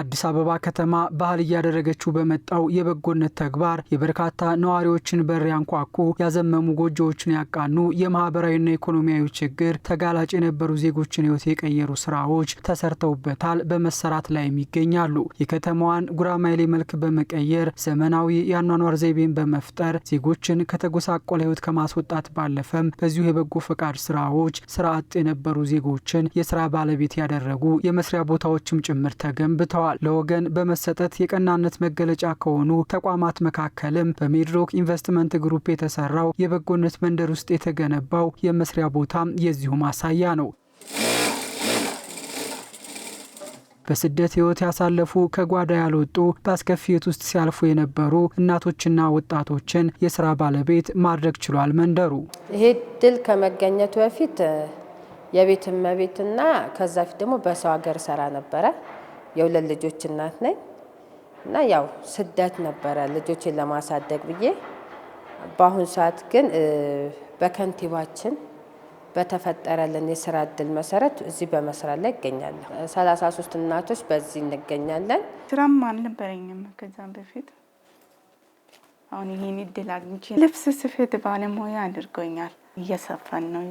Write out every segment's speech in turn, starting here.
አዲስ አበባ ከተማ ባህል እያደረገችው በመጣው የበጎነት ተግባር የበርካታ ነዋሪዎችን በር ያንኳኩ ያዘመሙ ጎጆዎችን ያቃኑ የማህበራዊና ኢኮኖሚያዊ ችግር ተጋላጭ የነበሩ ዜጎችን ህይወት የቀየሩ ስራዎች ተሰርተውበታል፣ በመሰራት ላይም ይገኛሉ። የከተማዋን ጉራማይሌ መልክ በመቀየር ዘመናዊ የአኗኗር ዘይቤን በመፍጠር ዜጎችን ከተጎሳቆለ ሕይወት ከማስወጣት ባለፈም በዚሁ የበጎ ፈቃድ ስራዎች ስራ አጥ የነበሩ ዜጎችን የስራ ባለቤት ያደረጉ የመስሪያ ቦታዎችም ጭምር ተገንብተዋል። አብራርተዋል። ለወገን በመሰጠት የቀናነት መገለጫ ከሆኑ ተቋማት መካከልም በሚድሮክ ኢንቨስትመንት ግሩፕ የተሰራው የበጎነት መንደር ውስጥ የተገነባው የመስሪያ ቦታም የዚሁ ማሳያ ነው። በስደት ሕይወት ያሳለፉ ከጓዳ ያልወጡ በአስከፊ ውስጥ ሲያልፉ የነበሩ እናቶችና ወጣቶችን የስራ ባለቤት ማድረግ ችሏል። መንደሩ ይሄ ድል ከመገኘቱ በፊት የቤት እመቤትና ከዛ ፊት ደግሞ በሰው ሀገር ሰራ ነበረ። የሁለት ልጆች እናት ነኝ እና ያው ስደት ነበረ ልጆችን ለማሳደግ ብዬ። በአሁን ሰዓት ግን በከንቲባችን በተፈጠረልን የስራ እድል መሰረት እዚህ በመስራት ላይ ይገኛለሁ። ሰላሳ ሶስት እናቶች በዚህ እንገኛለን። ስራም አልነበረኝም ከዛም በፊት። አሁን ይህን እድል አግኝቼ ልብስ ስፌት ባለሙያ አድርጎኛል። እየሰፋን ነው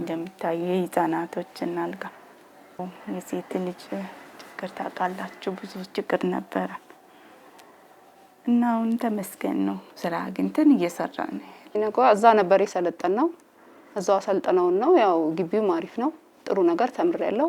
እንደምታየ የህፃናቶችን አልጋ የሴት ልጅ ችግር ታውቃላችሁ፣ ብዙ ችግር ነበረ እና አሁን ተመስገን ነው። ስራ አግኝተን እየሰራ ነው። እዛ ነበር የሰለጠን ነው እዛው አሰልጥነውን ነው። ያው ግቢውም አሪፍ ነው። ጥሩ ነገር ተምሬያለሁ።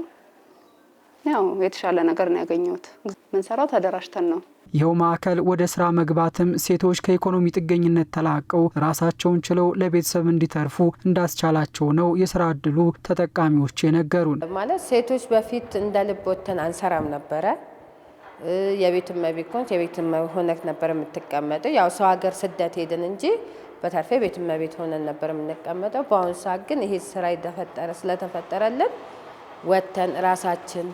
ያው የተሻለ ነገር ነው ያገኘሁት። ምንሰራው ተደራጅተን ነው ይኸው ማዕከል ወደ ስራ መግባትም ሴቶች ከኢኮኖሚ ጥገኝነት ተላቀው ራሳቸውን ችለው ለቤተሰብ እንዲተርፉ እንዳስቻላቸው ነው የስራ እድሉ ተጠቃሚዎች የነገሩን። ማለት ሴቶች በፊት እንደ ልብ አንሰራም ነበረ። የቤት እመቤት ኮንች የቤት ሆነክ ነበር የምትቀመጠው። ያው ሰው ሀገር ስደት ሄድን እንጂ በተርፌ ቤት እመቤት ሆነን ነበር የምንቀመጠው። በአሁኑ ሰዓት ግን ይሄ ስራ ስለተፈጠረልን ወጥተን ራሳችን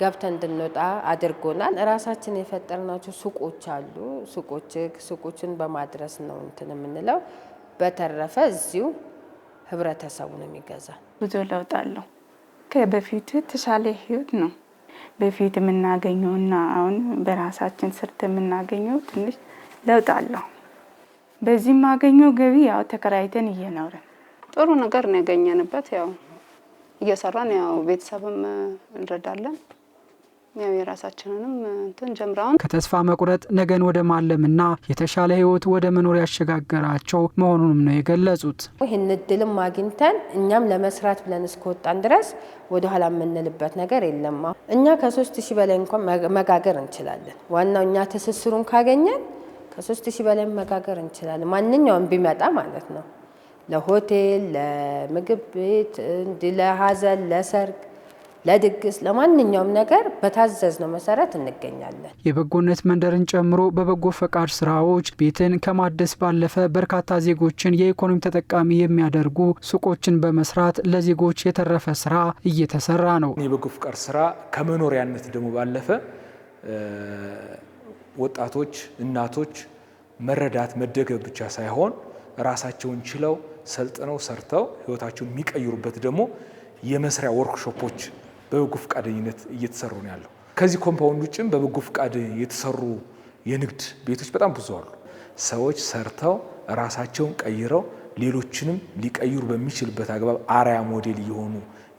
ገብተን እንድንወጣ አድርጎናል። ራሳችን የፈጠርናቸው ሱቆች አሉ። ሱቆች ሱቆችን በማድረስ ነው እንትን የምንለው። በተረፈ እዚሁ ህብረተሰቡ ነው የሚገዛ። ብዙ ለውጥ አለው። ከበፊቱ የተሻለ ህይወት ነው። በፊት የምናገኘው እና አሁን በራሳችን ስርት የምናገኘው ትንሽ ለውጥ አለው። በዚህ የማገኘው ገቢ ያው ተከራይተን እየኖርን ጥሩ ነገር ነው ያገኘንበት። ያው እየሰራን ያው ቤተሰብም እንረዳለን። ያው የራሳችንንም እንትን ጀምረውን ከተስፋ መቁረጥ ነገን ወደ ማለምና የተሻለ ህይወት ወደ መኖር ያሸጋገራቸው መሆኑንም ነው የገለጹት። ይህን እድልም አግኝተን እኛም ለመስራት ብለን እስከወጣን ድረስ ወደኋላ የምንልበት ነገር የለም። እኛ ከሶስት ሺህ በላይ እንኳን መጋገር እንችላለን። ዋናው እኛ ትስስሩን ካገኘን ከሶስት ሺህ በላይ መጋገር እንችላለን። ማንኛውም ቢመጣ ማለት ነው ለሆቴል፣ ለምግብ ቤት፣ ለሀዘን፣ ለሰርግ ለድግስ ለማንኛውም ነገር በታዘዝነው መሰረት እንገኛለን። የበጎነት መንደርን ጨምሮ በበጎ ፈቃድ ስራዎች ቤትን ከማደስ ባለፈ በርካታ ዜጎችን የኢኮኖሚ ተጠቃሚ የሚያደርጉ ሱቆችን በመስራት ለዜጎች የተረፈ ስራ እየተሰራ ነው። የበጎ ፈቃድ ስራ ከመኖሪያነት ደግሞ ባለፈ ወጣቶች፣ እናቶች መረዳት መደገብ ብቻ ሳይሆን ራሳቸውን ችለው ሰልጥነው ሰርተው ህይወታቸውን የሚቀይሩበት ደግሞ የመስሪያ ወርክሾፖች በበጎ ፈቃደኝነት እየተሰሩ ነው ያለው። ከዚህ ኮምፓውንድ ውጭም በበጎ ፈቃድ የተሰሩ የንግድ ቤቶች በጣም ብዙ አሉ። ሰዎች ሰርተው ራሳቸውን ቀይረው ሌሎችንም ሊቀይሩ በሚችልበት አግባብ አርያ ሞዴል እየሆኑ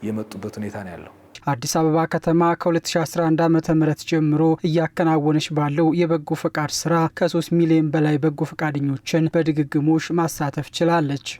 የመጡበት ሁኔታ ነው ያለው። አዲስ አበባ ከተማ ከ2011 ዓ ም ጀምሮ እያከናወነች ባለው የበጎ ፈቃድ ስራ ከ3 ሚሊዮን በላይ በጎ ፈቃደኞችን በድግግሞሽ ማሳተፍ ችላለች።